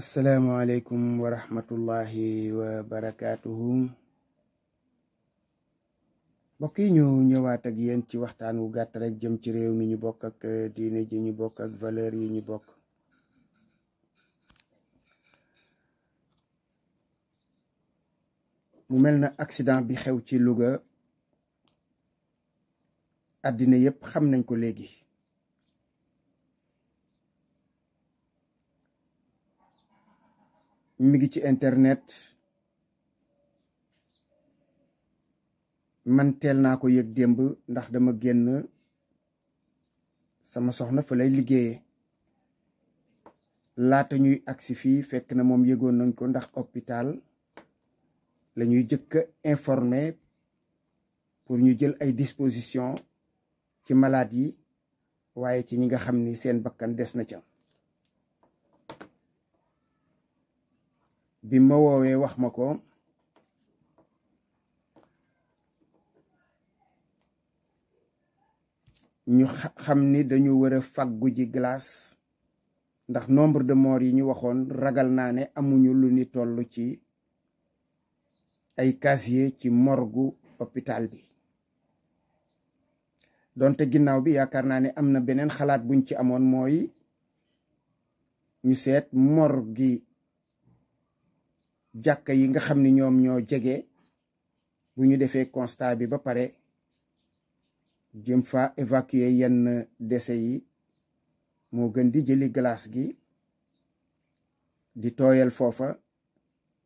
asalaamualeykum wa rahmatullahi wa barakaatuhu mbokk yi ñu ñëwaat ak yéen ci waxtaan wu gàtt rek jëm ci réew mi ñu bokk ak euh, diine ji ñu bokk ak valeur yi ñu bokk mu mel na accident bi xew ci Louga àddina yépp xam nañ ko léegi mi ngi ci internet man naa ko yëg démb ndax dama génn sama soxna fa lay liggéeyee laata ñuy agsi fii fekk na moom yëgoon nañ ko ndax hôpital la ñuy jëkk a informé pour ñu jël ay disposition ci malade yi waaye ci ñi nga xam ni seen bakkan des na ca bi ma woowee wax ma ko ñu xam ni dañu war a fàggu ji glace ndax nombre de morts yi ñu waxoon ragal naa ne amuñu lu ni toll ci ay casier ci morgu hôpital bi doonte ginnaaw bi yaakaar naa ne am na beneen xalaat buñ ci amoon mooy ñu seet morgue gi jàkka yi nga xam ni ñoom ñoo jege bu ñu defee constat bi ba pare jëm fa évacuer yenn déchets yi moo gën di jëli glace gi di tooyal foofa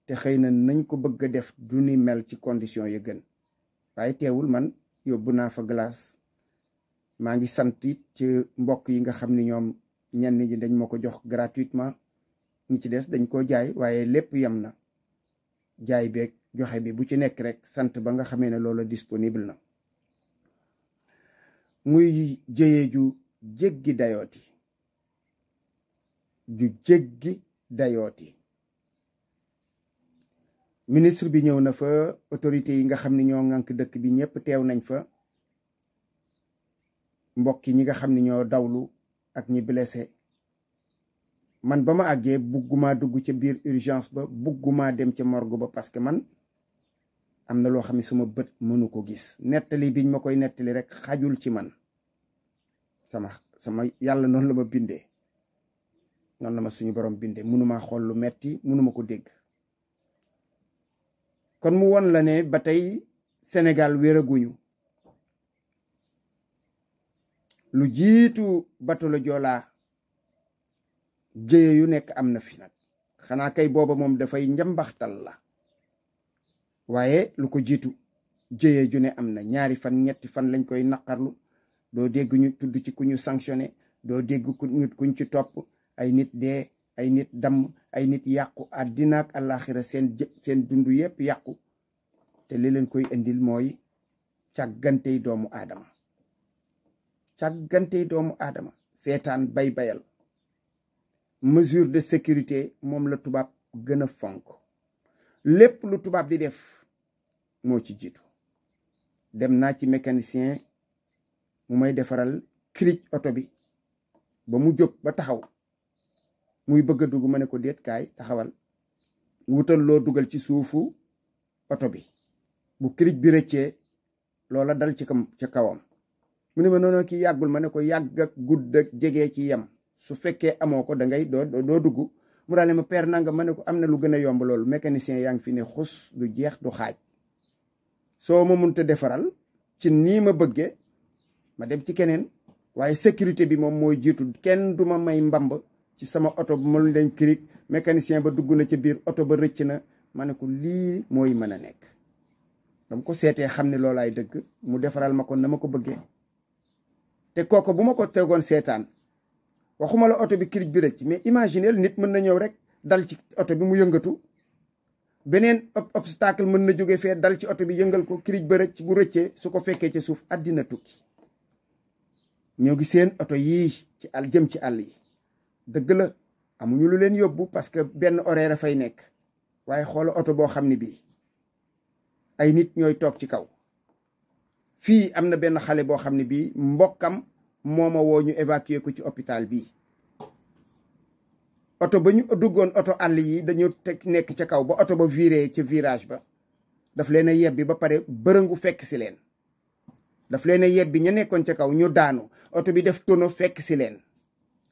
te xëy na nañ ko bëgg a def du ni mel ci condition ya gën waaye teewul man yóbbu naa fa glace maa ngi santi ci mbokk yi nga xam ni ñoom ñenn ji dañ ma ko jox gratuitement ñi ci des dañ ko jaay waaye lépp yem na jaay beeg joxe bi bu ci nekk rek sant ba nga xamee ne loola disponible na muy jëye ju jéggi dayooti ju jéggi dayooti ministre bi ñëw na fa autorité yi nga xam ni ñoo ŋànk dëkk bi ñëpp teew nañ fa mbokk yi ñi nga xam ni ñoo dawlu ak ñi blessé man ba ma àggee buggumaa dugg ca biir urgence ba buggumaa dem ca morgue ba parce que man am na loo xam ne sama bët mënu ko gis nettali biñ ma koy nettali rek xajul ci man sama sama yàlla noonu la ma bindee noonu la ma suñu borom bindee mënumaa xool lu metti mënuma ko dégg kon mu won la ne ba tey Sénégal wéraguñu lu jiitu bato la jëye yu nekk am na fi nag xanaa kay booba moom dafay njambaxtal la waaye lu ko jiitu jëye ju ne am na ñaari fan ñetti fan lañ koy naqarlu doo dégg ñu tudd ci ku ñu sanctionné doo dégg ku ñu kuñ ci topp ay nit dee ay nit dam ay nit yàqu àddina ak àllaaxira seen seen dund yépp yàqu te li leen koy indil mooy càggantey doomu aadama càggantey doomu aadama seetaan bay bayal mesure de sécurité moom la tubaab gën a fonk lépp lu tubaab di def moo ci jiitu dem naa ci mécanicien mu may defaral cric oto bi ba mu jóg ba taxaw muy bëgg a dugg ma ne ko déet kaay taxawal wutal loo dugal ci suufu oto bi bu cric bi rëccee loola dal ci kam ca kawam mu ne ma noonu kii yàggul ma ne ko yàgg ak gudd jege ci yem su fekkee amoo ko da ngay doo doo dugg mu daal ne ma per nanga ma ne ko am na lu gën a yomb loolu mécanicien yaa ngi fi ne xus du jeex du xaaj soo ma munta defaral ci nii ma bëggee ma dem ci keneen waaye sécurité bi moom mooy jiitu kenn du ma may mbamb ci sama oto bu ma lu dañ kirig ba dugg na ci biir oto ba rëcc na ma ne ko lii mooy mën a nekk dama ko seetee xam ne loolaay dëgg mu defaral ma ko na ma ko bëggee te kooku bu ma ko tegoon seetaan waxuma oto bi kilij bi rëcc mais imagineel nit mën na ñëw rek dal ci oto bi mu yëngatu beneen obstacle mën na jóge fee dal ci oto bi yëngal ko kirij ba rëcc bu rëccee su ko fekkee ci suuf àddina tukki ñoo gi seen oto yii ci àll jëm ci àll yi dëgg la amuñu lu leen yóbbu parce que benn horaire a fay nekk waaye xoola oto boo xam ne bii ay nit ñooy toog ci kaw fii am na benn xale boo xam ne bii mbokkam moo ma woo ñu évacuer ko ci hôpital bi oto ba ñu duggoon oto àll yi dañu teg nekk ca kaw ba oto ba vire ca virage ba daf leen a yebbi ba pare bërëngu fekk si leen daf leen a yebbi ñu nekkoon ca kaw ñu daanu oto bi def tono fekk si leen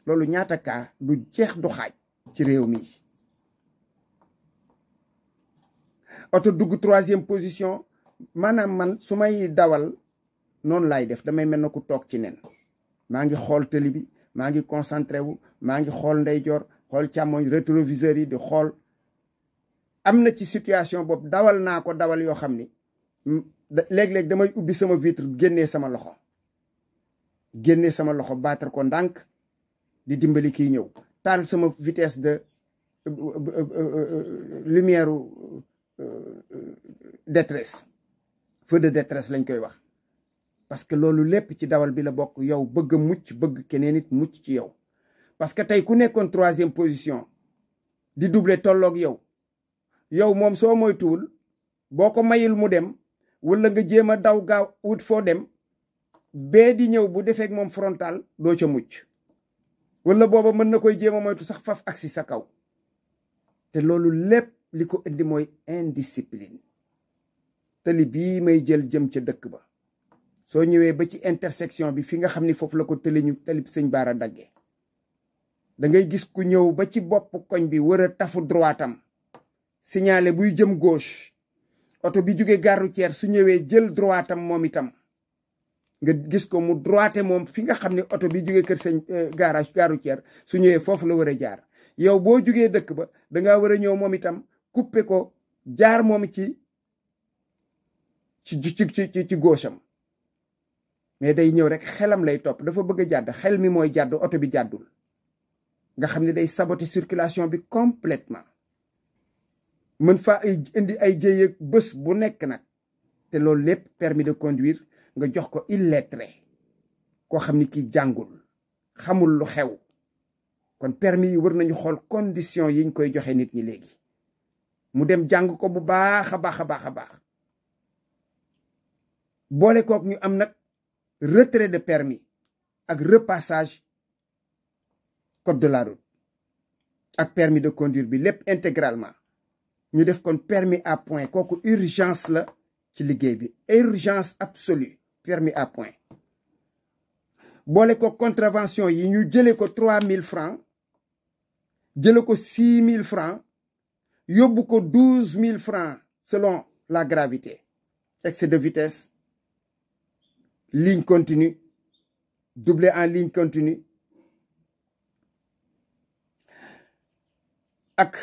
loolu ñaata kaa du jeex du xaaj ci réew mi oto dugg troisième position maanaam man su may dawal noonu laay def damay mel na ku toog ci nen maa ngi xool tëli maa ngi concentré wu maa ngi xool ndeyjoor xool càmmoñ rétroviseur yi di xool am na ci situation boobu dawal naa ko dawal yoo xam ni léeg-léeg damay ubbi sama vitre génnee sama loxo génnee sama loxo baatar ko ndànk di dimbali kiy ñëw taal sama vitesse de euh, euh, euh, lumière détresse feu de détresse lañ koy wax parce que loolu lépp ci dawal bi la bokk yow bëgg a mucc bëgg keneen it mucc ci yow parce que tey ku nekkoon troisième position di doubler tolloog yow yow moom soo moytuwul boo ko mayul mu dem wala nga jéem a daw gaaw wut foo dem bee di ñëw bu defeek moom frontal doo ca mucc walla booba mën na koy jéem a moytu sax faf ak si sa kaw te loolu lépp li ko indi mooy indiscipline te li bii may jël jëm ca dëkk ba soo ñëwee ba ci intersection bi fi nga xam ni foofu la ko tëli ñu talib sëñ baara dagge da ngay gis ku ñëw ba ci bopp koñ bi war tafu tafu droitam signalé buy jëm gauche oto bi jóge gare su ñëwee jël droitam moom itam nga gis ko mu droité moom fi nga xam ne oto bi jógee kër sëñ euh, garage gare su ñëwee foofu la war a jaar yow boo jugee dëkk ba dangaa war a ñëw moom itam kuppe ko jaar moom ci ci ci ci ci gauche mais day ñëw rek xelam lay topp dafa bëgg a jàdd xel mi mooy jàdd oto bi jàddul nga xam ne day saboter circulation bi complètement mën fa ay indi ay jéyeeg bés bu nekk nag te loolu lépp permis de conduire nga jox ko illettré koo xam ne kii jàngul xamul lu xew kon permis yi war nañu xool condition yiñ koy joxe nit ñi léegi mu dem jàng ko bu baax a baax a baax a baax boole kook ñu am nag retrait de permis ak repassage code de la route ak permis de conduire bi lépp intégralement ñu def kon permis à point kooku urgence la ci liggéey bi urgence absolue permis à point boole ko contravention yi ñu jëlee ko trois mille francs jëlee ko six mille francs yóbbu ko douze mille francs selon la gravité excès de vitesse ligne continue doublé en ligne continue ak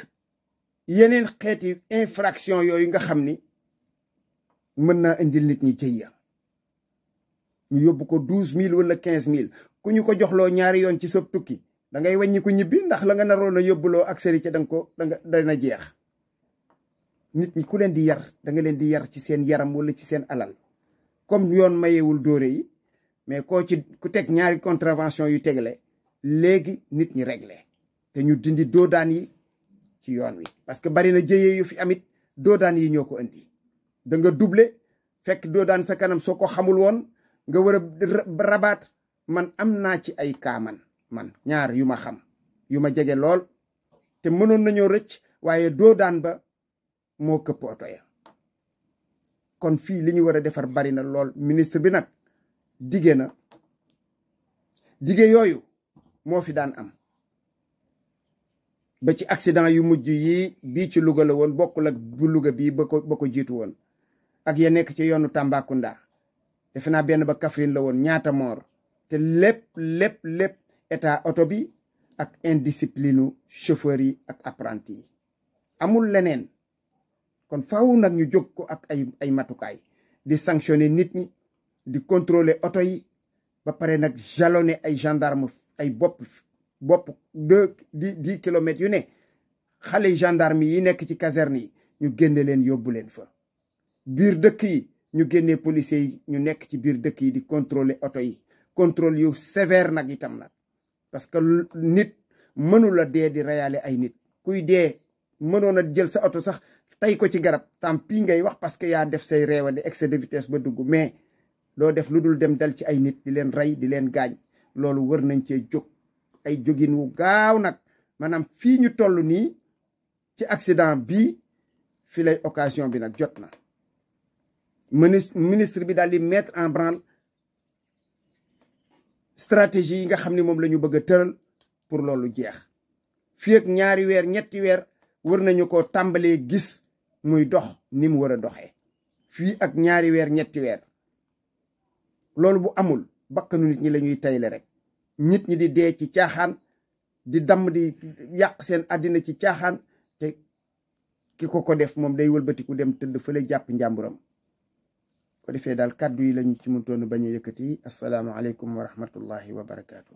yeneen xeeti infraction yooyu nga xam ni mën naa indil nit ñi ya ñu yóbbu ko douze mille wala quinze mille ku ñu ko joxloo ñaari yoon ci sob tukki da ngay wàññi ko ñibbi ndax la nga naroon a yóbbuloo ak sëri ca danga ko danga dana jeex nit ñi ku leen di yar danga leen di yar ci seen yaram wala ci seen alal comme yoon mayewul dóore yi mais koo ci ku teg ñaari contravention yu tegle léegi nit ñi regle te ñu dindi doodaan yi ci yoon wi parce que bari na jëyee yu fi amit doodaan yi ñoo ko indi danga nga doublé fekk doodaan sa kanam soo ko xamul woon nga war a rabaat man am naa ci ay kaaman man ñaar yu ma xam yu ma jege lool te mënoon nañoo rëcc waaye doodaan ba moo këpp oto ya kon fii li ñu war a defar bari na lool ministre bi nag dige na dige yooyu moo fi daan am ba ci accident yu mujj yi bii ci Louga la woon bokkul ak bu luga bi ba ko jiitu woon ak ya nekk ci yoonu Tambacounda defe naa benn ba kafrin la woon ñaata moor te lépp lépp lépp oto bi ak indiscipline chauffeur yi ak apprenti yi amul leneen kon faw nag ñu jóg ko ak ay ay matukaay di sanctionner nit ñi di contrôler oto yi ba pare nag jalonner ay gendarme ay bopp bopp deux kilomètres yu ne xale gendarme yi nekk ci caserne yi ñu génne leen yóbbu leen fa biir dëkk yi ñu génne policiers yi ñu nekk ci biir dëkk yi di contrôler oto yi contrôle yu sévère nag itam nag parce que nit mënula dee di reyale ay nit kuy dee mënoon jël sa oto sax tey ko ci garab tam pii ngay wax parce que yaa def say réewande excès de vitesse ba dugg mais loo def lu dul dem dal ci ay nit di leen rey di leen gaañ loolu wër nañ cee jóg ay jógin wu gaaw nag maanaam fii ñu toll nii ci accident bi fi lay occasion bi nag jot na ministre bi daal di mettre en branle stratégie yi nga xam ni moom la ñu bëgg a tëral pour loolu jeex fii ñaari weer ñetti weer war nañu ko tàmbalee gis muy dox ni mu war a doxee fii ak ñaari weer ñetti weer loolu bu amul bakkanu nit ñi lañuy ñuy tayle rek nit ñi di dee ci caaxaan di damm di yàq seen àddina ci caaxaan te ki ko ko def moom day walbatiku dem tëdd fële jàpp njàmburam ko defee daal kàddu yi lañu ci mun mëntoon bañ a yëkkati asalaamaaleykum wa rahmatullahi wa barakaatu.